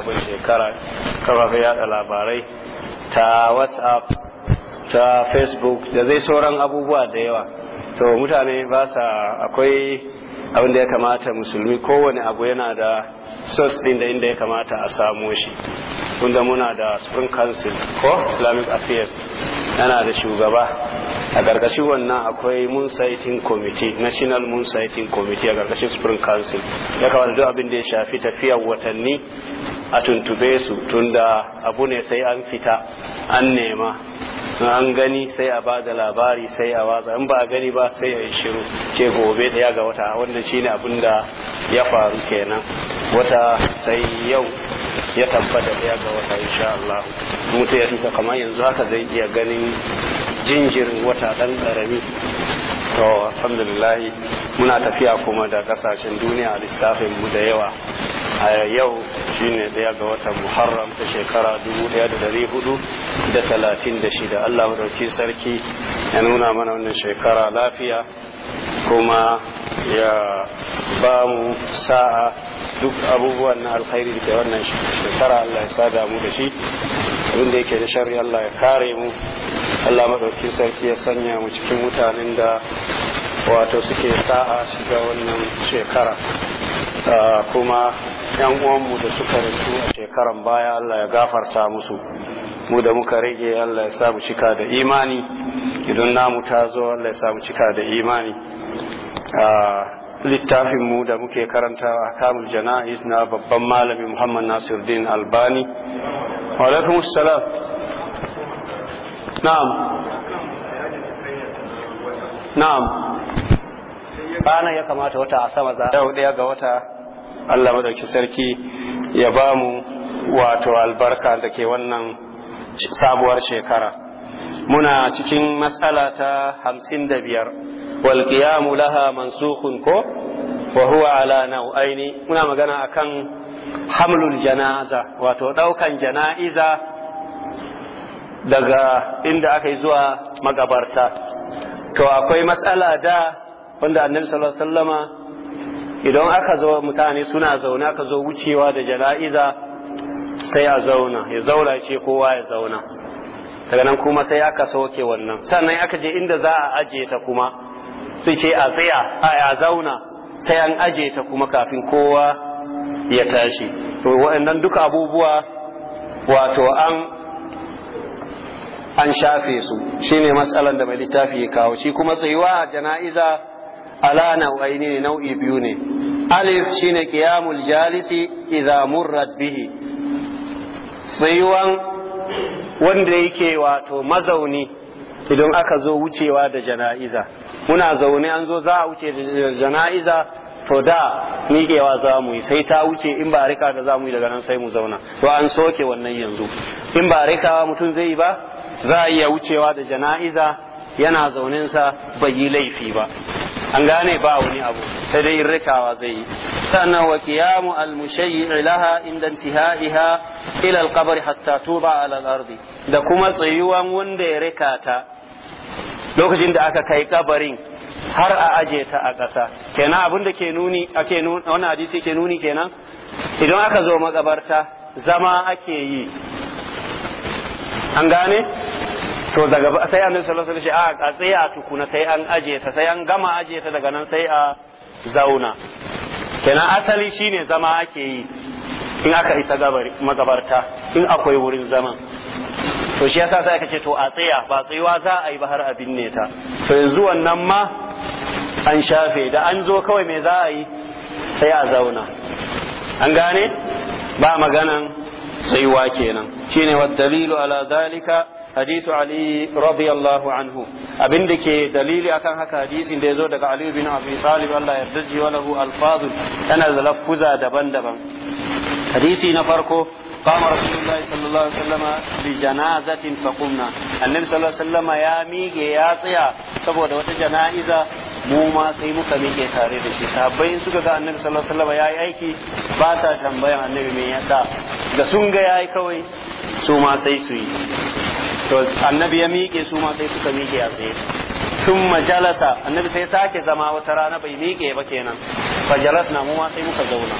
abin shekara kafafen yada labarai ta whatsapp ta facebook da zai sauran abubuwa da yawa to mutane ba sa akwai abin da ya kamata musulmi kowane abu yana da sos din da inda ya kamata a samo shi wanda muna da spring council ko islamic affairs yana da shugaba a ƙarƙashin wannan akwai moon sighting committee national moon sighting committee a ƙarƙashin spring council ya kamata duk abin da ya shafi tafiyar watanni a tuntube su tunda abu ne sai an fita an nema an gani sai a ba da labari sai a watsa in ba a gani ba sai a yi shiru ke gobe daya ga wata wanda shine abin da ya faru kenan wata sai yau ya tabbata daya ga wata insha Allah mutu ya tuka kamar yanzu haka zai iya ganin jinjirin wata dan karami to alhamdulillah muna tafiya kuma da kasashen duniya a lissafin mu da yawa a yau shine daya ga watan muharram ta shekara 1436 Allah madauki sarki ya nuna mana wannan shekara lafiya kuma ya ba mu sa'a duk abubuwan na alkhairi da ke wannan shekara Allah ya sada mu da shi wanda yake da shari Allah ya kare mu Allah madauki sarki ya sanya mu cikin mutanen da wato suke sa'a shiga wannan shekara ah, kuma yan uwanmu da suka rantu a shekaran baya Allah ya gafarta musu mu da muka rage Allah ya samu cika da imani idan namu ta zo Allah ya samu cika da imani littafin mu da muke karanta kamul jana'is na babban malami Muhammad Nasiruddin Albani wa alaikum assalam na'am na'am bana ya kamata wata a sama za a daya ga wata Allah madauki sarki ya ba mu wato albarka da ke wannan sabuwar shekara muna cikin matsala ta hamsin da biyar walƙiyamu laha mansukun ko wa huwa ala nau'aini muna magana akan hamlul janaza wato ɗaukan jana'iza daga inda aka yi zuwa magabarta to akwai matsala da wanda annabi sallallahu idan aka zo mutane suna zaune aka zo wucewa da jana'iza sai a zauna ya zaura ce kowa ya zauna daga nan kuma sai aka soke wannan sannan aka je inda za a aje ta kuma su ce a tsaya a zauna sai an aje ta kuma kafin kowa ya tashi to waɗannan duka abubuwa wato an an shafe su shine matsalan da mai littafi ya kawo shi kuma tsayuwa a jana'iza ala waini ne nau'i biyu ne alif shine qiyamul jalisi idza murrat bihi tsayuwan wanda yake wato mazauni idan aka zo wucewa da jana'iza muna zaune an zo za a wuce da jana'iza to da miƙewa za mu yi sai ta wuce in ba rika da za mu yi daga nan sai mu zauna to an soke wannan yanzu in ba rikawa mutum zai yi ba za a iya wucewa da jana'iza yana zaunensa bai yi laifi ba an gane ba wani abu sai dai rikawa zai yi sannan wa qiyamu al mushayyi laha inda intihaiha ila al qabr hatta tuba ala al ardi da kuma tsayuwan wanda ya rikata lokacin da aka kai kabarin har a aje ta a ƙasa kenan abin da ke nuni ake nuna wannan hadisi ke nuni kenan idan aka zo makabarta zama ake yi an gane to daga sai annabi sallallahu alaihi wasallam a tsaya tukuna sai an aje ta sai an gama aje ta daga nan sai a zauna kenan asali shine zama ake yi in aka isa gabar magabarta in akwai wurin zaman to shi yasa sai aka ce to a tsaya ba tsayuwa za a yi ba har a binne ta to yanzu wannan ma an shafe da an zo kawai me za a yi sai a zauna an gane ba maganan tsayuwa kenan shine wa dalilu ala dalika hadisu ali radiyallahu anhu abin da ke dalili akan haka hadisin da yazo daga ali bin abi talib Allah yarda ji wa lahu alfadhu yana da laffuza daban-daban hadisi na farko قام رسول الله صلى الله عليه وسلم بجنازة فقمنا النبي صلى الله عليه وسلم يا ميجي يا صيا سبوا دوت mu ma sai muka miƙe tare da shi in suka ga annabi sallallahu alaihi wasallam yayi aiki ba sa tambayan annabi me yasa ga sun ga yayi kawai su ma sai su yi to annabi ya miƙe su ma sai suka miƙe a tsaye sun majalasa annabi sai sake zama wata rana bai miƙe ba kenan fa jalasna mu ma sai muka zauna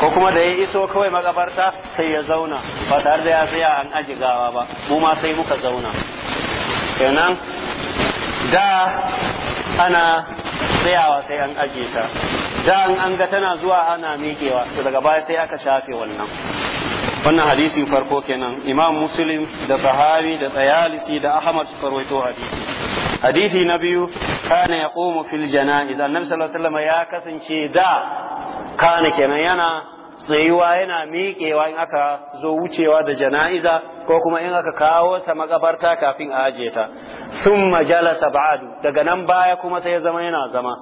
ko kuma da ya iso kawai makabarta sai ya zauna ba tare da ya tsaya an aji gawa ba mu ma sai muka zauna kenan da ana tsayawa sai an aje ta da an ga tana zuwa ana miƙewa to daga baya sai aka shafe wannan wannan hadisi farko kenan imam muslim da sahabi da tsayalisi da ahmad suka hadisi hadisi na biyu kana yaqumu fil janaiz annabi sallallahu alaihi wasallam ya kasance da kana kenan yana tsayuwa yana miƙewa in aka zo wucewa da jana'iza ko kuma in aka kawo ta makabarta kafin a ajiye ta sun majalasa ba'adu daga nan baya kuma sai ya zama yana zama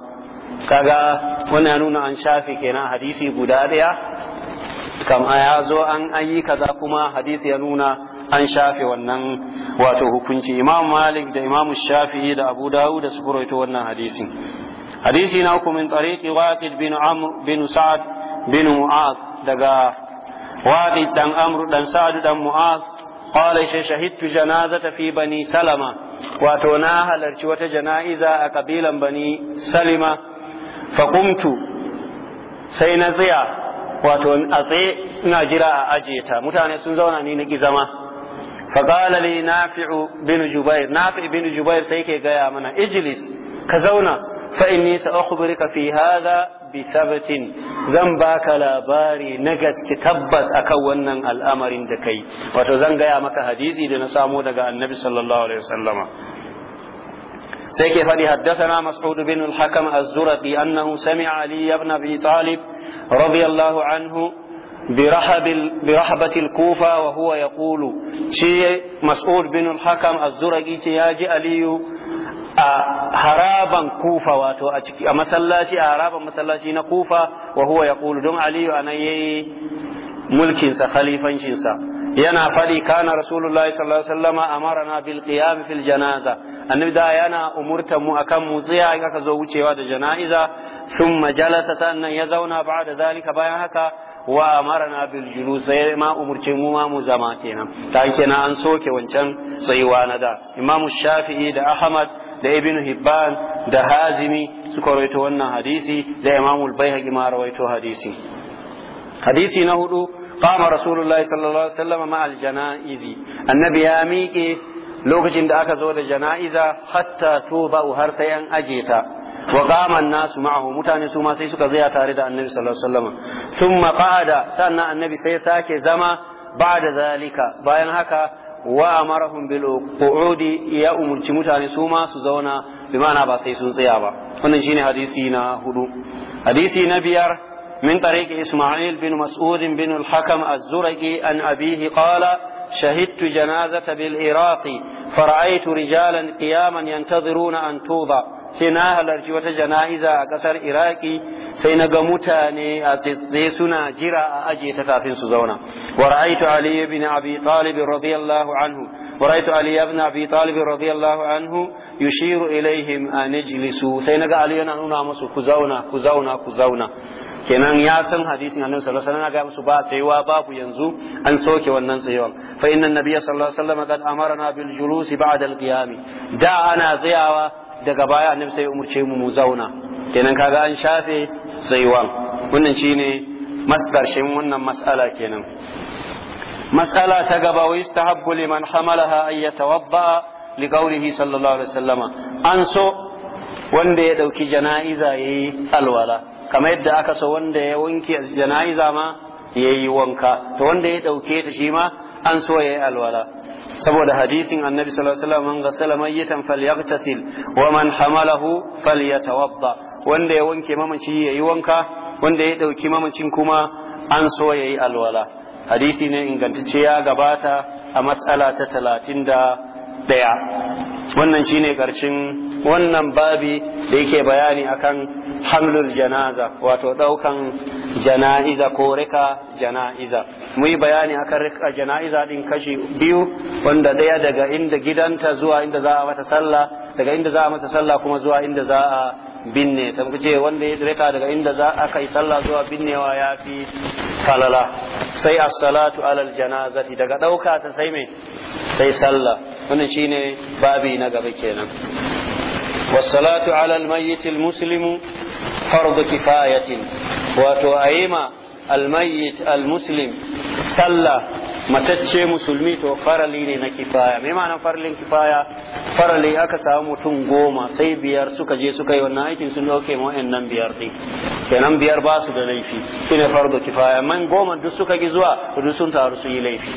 kaga wannan nuna an shafi kenan hadisi guda ɗaya kam ya zo an ayi kaza kuma hadisi ya nuna an shafe wannan wato hukunci imam malik da imam shafi'i da abu dawud da su wannan hadisin hadisi na hukumin min tariqi bin amr bin sa'ad bin mu'az daga wadi dan amru dan sa'adu dan mu'az qala shi shahidtu janazata fi bani salama wato na halarci wata jana'iza a kabilan bani salima faqumtu sai na tsaya wato a tsaye ina jira a ajiyeta mutane sun zauna ni na ki zama faqala li nafi'u bin jubair nafi' bin jubair sai ke gaya mana ijlis ka zauna fa inni sa akhbiruka fi hadha bisabatin zan baka labari na gaske tabbas akan wannan al'amarin da kai wato zan gaya maka hadisi da na samo daga annabi sallallahu alaihi wasallama sai ke faɗi haddathana mas'ud bin al-hakam annahu sami'a ali ibn abi radiyallahu anhu برحب برحبة الكوفة وهو يقول شيء مسؤول بن الحكم الزرقي تياجي علي araban kufa wato a ciki a masallaci a haraban masallaci na kufa wa huwa yaqulu don aliyu anan yayi mulkinsa sa yana fadi kana rasulullahi sallallahu alaihi wasallam amarna bil qiyam fil janaza annabi da yana umurta mu akan mu tsaya in aka zo wucewa da janaiza thumma jalasa sannan ya zauna ba'da zalika bayan haka wa amarna bil julus sai ma umurce mu ma mu zama kenan ta kenan an soke wancan tsayuwa na da imamu shafi'i da ahmad da ibnu hibban da hazimi suka rawaito wannan hadisi da imamu al-baihaqi ma rawaito hadisi hadisi na hudu qama rasulullahi sallallahu alaihi wasallam ma al annabi ya miƙe lokacin da aka zo da jana'iza hatta tuba har sai an aje ta wa qama nasu ma'ahu mutane su ma sai suka zaya tare da annabi sallallahu alaihi wasallam thumma qa'ada sannan annabi sai sake zama ba da zalika bayan haka wa amarahum bil qu'udi ya umurci mutane su ma su zauna bi ma'ana ba sai sun tsaya ba wannan shine hadisi na hudu hadisi na biyar من طريق إسماعيل بن مسعود بن الحكم الزرقي عن أبيه قال شهدت جنازة بالعراق فرأيت رجالا قياما ينتظرون أن توضع سينا هلرجي وتجنائزة كسر إراقي سينا قمتاني أتسنا جرا أجي تتافين سزونا ورأيت علي بن أبي طالب رضي الله عنه ورأيت علي بن أبي طالب رضي الله عنه يشير إليهم أن يجلسوا سينا علي أننا مسو كزونا كزونا كزونا kenan ya san hadisin annabi sallallahu alaihi wasallam ga musu ba tsayuwa babu yanzu an soke wannan tsayuwan fa inna nabiyya sallallahu alaihi wasallam qad amarna bil julusi ba'da al qiyam da ana tsayawa daga baya annabi sai umurce mu mu zauna kenan kaga an shafe tsayuwan wannan shine masdar shin wannan mas'ala kenan mas'ala ta gaba wa istahabbu liman hamalaha ay yatawadda liqawlihi sallallahu alaihi wasallam an so wanda ya dauki jana'iza yayi alwala kamar yadda aka so wanda ya wanke jana'iza ma ya yi wanka to wanda ya ɗauke ta shi ma an so ya yi alwala saboda hadisin annabi sallallahu alaihi wasallam man ghassala mayyitan falyaghtasil wa man hamalahu falyatawadda wanda ya wanke mamaci ya yi wanka wanda ya ɗauki mamacin kuma an so ya yi alwala hadisi ne ingantacce ya gabata a mas'ala ta talatin da ɗaya wannan shine karshen wannan babi da yake bayani akan hamlul janaza wato ɗaukan jana'iza ko rika jana'iza mu yi bayani akan rika jana'iza din kashi biyu wanda ɗaya daga inda gidanta zuwa inda za a mata sallah daga inda za a mata sallah kuma zuwa inda za a binne ta wanda ya reka daga inda za a kai sallah zuwa binnewa ya fi falala sai as-salatu alal janazati daga ɗauka ta sai me sai sallah wannan shine babi na gaba kenan was-salatu alal mayyit al-muslimu fardu kifayatin wato ayima al-mayyit al-muslim sallah matacce musulmi to farali ne na kifaya me ma'anar faralin kifaya farale aka samu mutum goma sai biyar suka je suka yi wannan aikin sun dauke ma nan biyar ɗin kenan biyar ba su da laifi shine fardu kifaya amma goma duk suka gi zuwa duk sun taru su yi laifi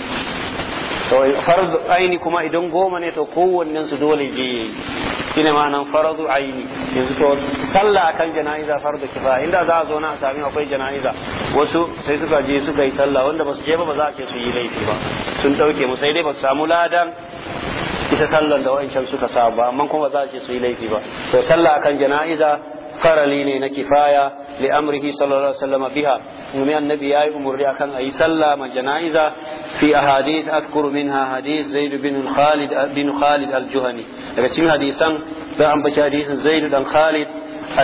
to fardu aini kuma idan goma ne to kowannen su dole je yayi ma ma'anan fardu aini yanzu to sallah akan jana'iza fardu kifaya inda za a zo na a sami akwai jana'iza wasu sai suka je suka yi sallah wanda ba su je ba ba za a ce su yi laifi ba sun dauke mu sai dai ba su samu ladan ita sallar da wa'ancan suka samu ba amma kuma ba za su yi laifi ba to sallah akan jana'iza farali ne na kifaya li amrihi sallallahu alaihi wasallam biha domin annabi yayi umurni akan ayi sallah ma janaiza fi ahadith azkuru minha hadith zaid bin khalid bin khalid al-juhani daga cikin hadisan da an bace hadisin zaid dan khalid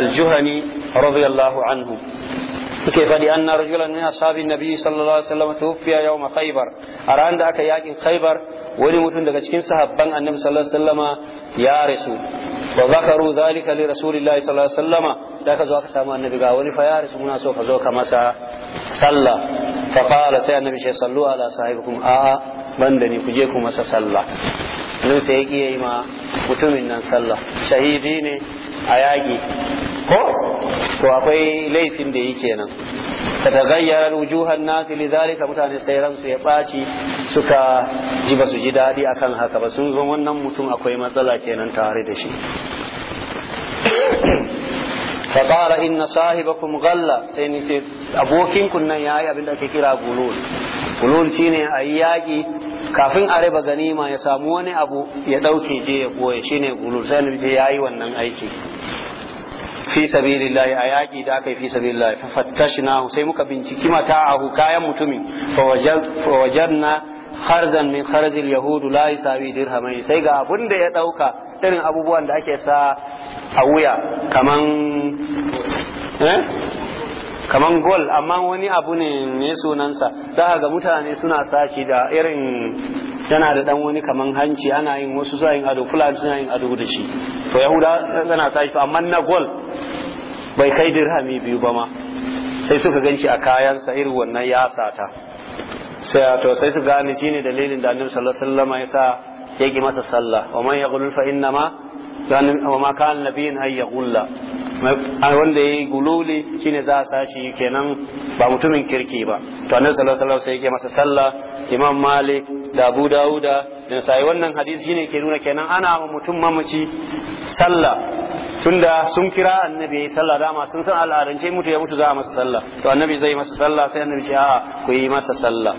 al-juhani radiyallahu anhu كيف لأن رجلا من أصحاب النبي صلى الله عليه وسلم توفي يوم خيبر أرى عندك ياكن خيبر wani mutum daga cikin sahabban annabi sallallahu alaihi wasallama ya rasu wa zakaru zalika li rasulillahi sallallahu alaihi wasallama da ka zo aka samu annabi ga wani fa ya rasu muna so ka zo ka masa sallah fa qala sai annabi shi sallu ala sahibikum a ban da ni ku je ku masa sallah nan sai ya yi ma mutumin nan sallah shahidi ne a yaƙi ko to akwai laifin da yake kenan ta tagayyar wujuhan nasi lidhalika mutane sai ransu ya ɓaci suka ji ba su ji daɗi akan haka ba sun zo wannan mutum akwai matsala kenan tare da shi faƙara inna sahibakum galla sai ni ce abokin kunnan ya yi abin da ake kira gulul gulul shine a yi yaƙi kafin a raba ganima ya samu wani abu ya ɗauke je ya ɓoye shine gulul sai ni ce ya yi wannan aiki fi sabilillah a yaƙi da aka fi sabilillah fa fattashnahu sai muka binciki mata'ahu kayan mutumin fa wajadna harzan min kharajil yahudu la yusawi dirhamai sai ga abun da ya dauka irin abubuwan da ake sa a wuya kaman eh, kaman gol amma wani abu ne ne sunansa za ga mutane suna sashi da irin yana da dan wani kaman hanci ana yin wasu suna yin ado fulani suna yin ado da shi to yahuda yana shi amma na gol bai kai dirhami biyu ba ma sai suka ganshi a kayansa irin wannan ya sata sai to sai su gane shine dalilin da annabi sallallahu alaihi wasallam ya sa yake masa sallah wa man yaqul fa inna ma wa ma kana nabiyin ay yaqulla wanda yayi gululi shine za a sashi kenan ba mutumin kirki ba to annabi sallallahu alaihi wasallam sai yake masa sallah imam malik da abu dauda da sai wannan hadisi shine ke nuna kenan ana mutum mamaci sallah tunda sun kira annabi yi sallah dama sun san al'adance mutu ya mutu za a masa sallah to annabi zai masa sallah sai annabi ce a ku yi masa sallah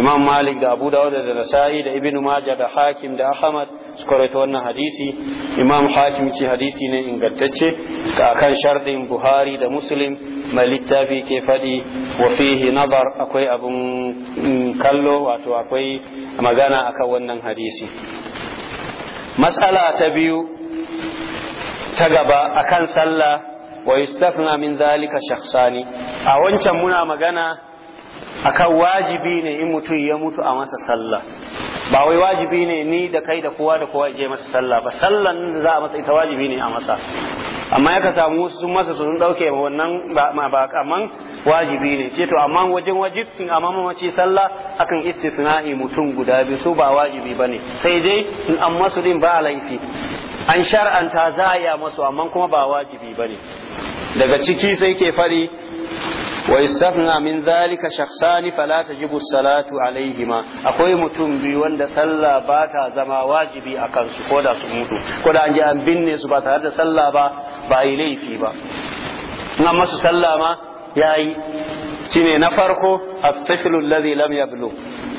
imam malik da abu dawud da nasa'i da ibn majah da hakim da ahmad su karaita wannan hadisi imam hakim ce hadisi ne ingantacce ka kan shardin buhari da muslim mai littafi ke faɗi wa fihi nazar akwai abun mm, kallo wato akwai magana akan wannan hadisi mas'ala ta biyu ta gaba akan sallah wa yustafna min dhalika shakhsani a wancan muna magana akan wajibi ne in mutum ya mutu a masa sallah ba wai wajibi ne ni da kai da kowa da kowa je masa sallah ba sallan da za a masa ita wajibi ne a masa amma ya ka samu wasu sun masa sun dauke wannan ba kaman wajibi ne ce to amma wajen wajibcin amma mamaci sallah akan istithna'i mutum guda biyu su ba wajibi bane sai dai in an masu din ba laifi an shar'anta za a yi masu amma kuma ba wajibi ba ne daga ciki sai ke fari wa istafna min zalika shakhsani fala tajibu salatu alaihima akwai mutum biyu wanda sallah ba ta zama wajibi a kansu ko da su mutu ko da an je an binne su ba tare da sallah ba ba yi laifi ba Nan masu sallah ma yayi shine na farko a tiflu alladhi lam yablugh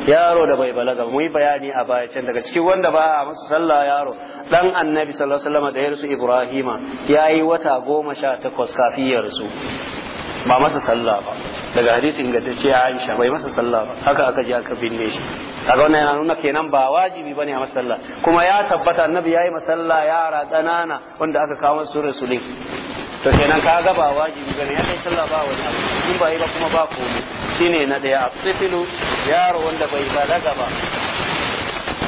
yaro da bai balaga mu yi bayani a baya can daga cikin wanda ba a masa sallah yaro dan annabi sallallahu alaihi wasallam da yarsu ibrahima yayi wata goma sha takwas kafin ba masa sallah ba daga ga ta ce aisha bai masa sallah ba haka aka ji aka binne shi kaga wannan yana nuna kenan ba wajibi bane a masa sallah kuma ya tabbata annabi yayi masalla yara ƙanana wanda aka kawo su rasulai to kenan kaga ba wajibi bane ya kai sallah ba wani abu in ba yi ba kuma ba komai shine na daya sifilu yaro wanda bai balaga ba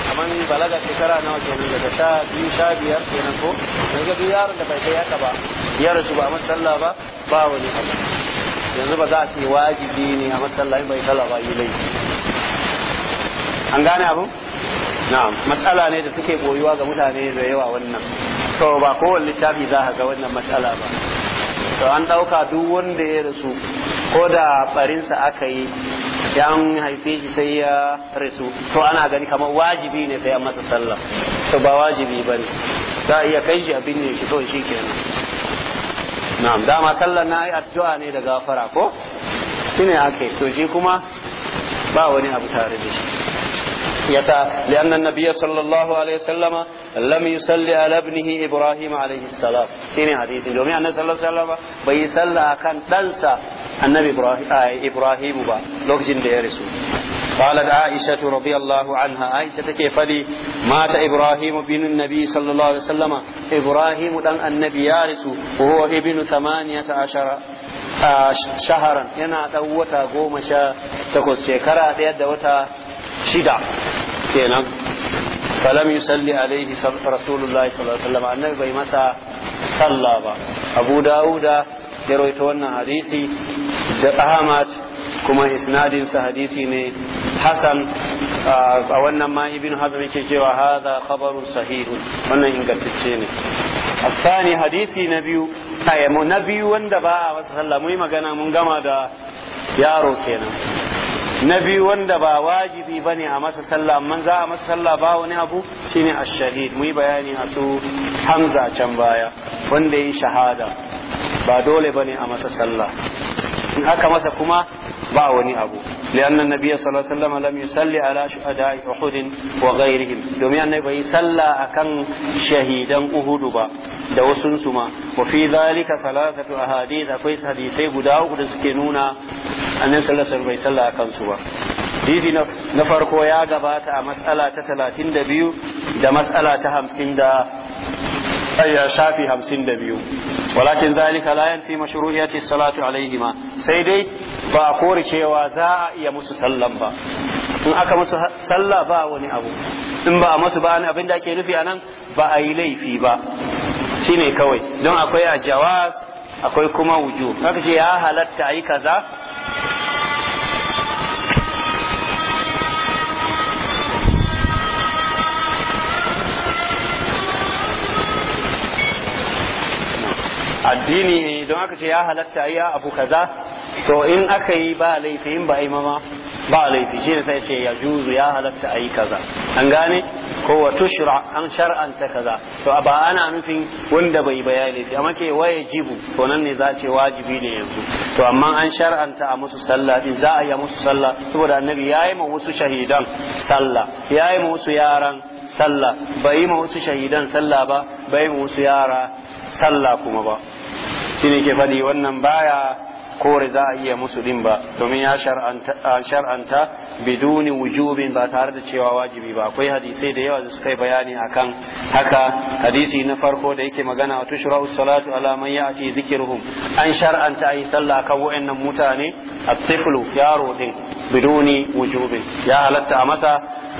kamar balaga shekara nawa kenan daga sha biyu sha biyar nan ko daga duk yaron da bai kai haka ba ya rasu ba a masalla ba ba wani abu yanzu ba za a ce wajibi ne a masalla bai kala ba yi laifi an gane abu na'am matsala ne da suke boyuwa ga mutane da yawa wannan to ba kowane littafi za ka ga wannan matsala ba to an ɗauka duk wanda ya rasu ko da barinsa aka yi yan haife shi sai ya rasu to ana gani kamar wajibi ne sai a masa sallah to ba wajibi ba ne za a iya kai shi a binne shi to shi ke na'am dama sallah na yi addu'a ne da gafara ko shi ne ake to shi kuma ba wani abu tare da shi yasa lian nan nabiyya sallallahu alaihi wasallama lam yusalli ala ibnihi ibrahim alaihi salam shine hadisi domin annabi sallallahu alaihi wasallama bai salla kan dansa annabi ibrahimu ba lokacin da ya rasu قالت عائشة رضي الله عنها عائشة كيف لي مات إبراهيم بن النبي صلى الله عليه وسلم إبراهيم دان النبي يارس وهو ابن ثمانية عشر شهرا ينا دوتا قوم شا تكوس شكرا دوتا شدا كينا فلم يصلي عليه رسول الله صلى الله عليه وسلم النبي مسا صلى أبو داود يروي تونا حديثي da Ahmad kuma isnadin sa hadisi ne Hasan a wannan ma Ibn Hazm yake cewa hadha khabarun sahih wannan ingantacce ne الثاني حديثي نبيو أي مو نبيو وندا با وسهلا Sallah magana mun gama da yaro kenan na biyu wanda ba wajibi ba a masa sallah amma za a masa sallah ba wani abu shine ash-shahid mu bayani a su hamza can baya wanda yi shahada ba dole ba ne a masa sallah in aka masa kuma ba wani abu lianna nabiyya sallallahu alaihi wasallam lam yusalli ala shuhada'i uhud wa ghayrihim domin annabi bai salla akan shahidan uhud ba da wasu su ma wa fi dhalika thalathatu ahadith akwai hadisai guda uku da suke nuna annabi sallallahu alaihi wasallam bai salla akan su ba hadisi na farko ya gabata a mas'ala ta 32 da mas'ala ta 50 da ya shafi 52 walakin zalika la yanfi mashru'iyyati salatu alaihima sai dai ba a kore cewa za a iya musu sallan ba in aka musu sallah ba wani abu in ba a musu ba abin da ake nufi anan ba a yi laifi ba shine kawai don akwai a akwai kuma wuju haka ce ya halatta a yi kaza addini ne don aka ce ya halatta ya abu kaza to in aka yi ba laifi in ba imama ba laifi shi sai ce ya juzu ya halatta a yi kaza an gane ko wa tushra an shar'anta kaza to ba ana nufin wanda bai bayani fi amma ke waye jibu to nan ne za ce wajibi ne yanzu to amma an shar'anta a musu sallah din za a yi musu sallah saboda annabi yayi ma wasu shahidan sallah yayi ma wasu yaran sallah bai yi ma wasu shahidan sallah ba bai ma wasu yara sallah kuma ba shine ke faɗi wannan baya kore za a iya musu ɗin ba domin ya shar'anta biduni wujubin ba tare da cewa wajibi ba akwai hadisai da yawa da suka yi bayani akan haka hadisi na farko da yake magana a tushra'u salatu ala man ya'ti dhikruhum an shar'anta yi sallah kan wayannan mutane a tiflu yaro ɗin biduni wujubin ya halatta a masa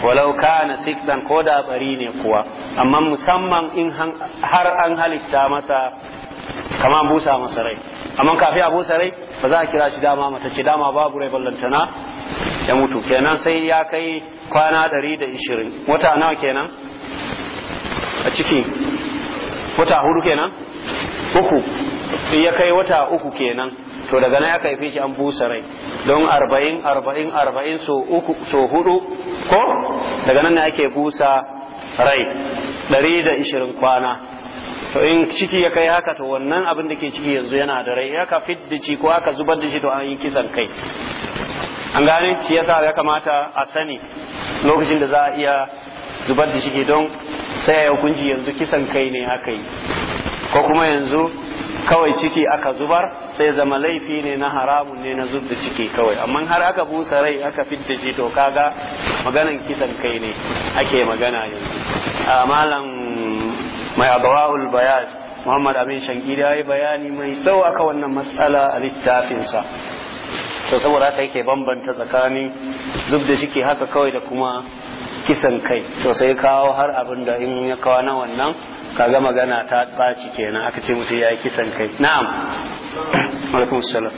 walau kana siktan ko da bari ne kuwa amma musamman in har an halitta masa kama an busa masa rai amma kafi a busa rai ba za a kira shi dama mata ce dama babu rai ballantana ya mutu kenan sai ya kai kwana ɗari da ishirin wata nawa kenan a ciki wata hudu kenan uku ya kai wata uku kenan to daga nan ya kaife shi an busa rai don arba'in arba'in arba'in so uku so hudu ko daga nan ne ake busa rai ɗari da ishirin kwana to in ciki ya kai haka to wannan abin da ke ciki yanzu yana da rai ya aka fidda ci ko aka zubar da shi to an yi kisan kai an gane shi yasa ya kamata a sani lokacin da za a iya zubar da shi don sai ya hukunci yanzu kisan kai ne aka yi ko kuma yanzu kawai ciki aka zubar sai zama laifi ne na haramun ne na zub da ciki kawai amma har aka busa rai aka fidda shi to kaga maganan kisan kai ne ake magana yanzu a ah, malam mai abawahul bayan muhammad abin shangida ya bayani mai tsawo aka wannan matsala a littafinsa to saboda haka yake bambanta tsakanin zub da shike haka kawai da kuma kisan kai to sai kawo har abin da in ya kawo na wannan kaga magana ta ɓaci kenan aka ce mutum ya yi kisan kai na'am alaikum salam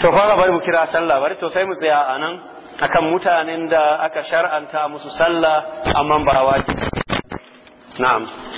to fara bari mu kira sallah bari to sai mu tsaya a nan akan mutanen da aka shar'anta musu sallah amma ba wajibi نعم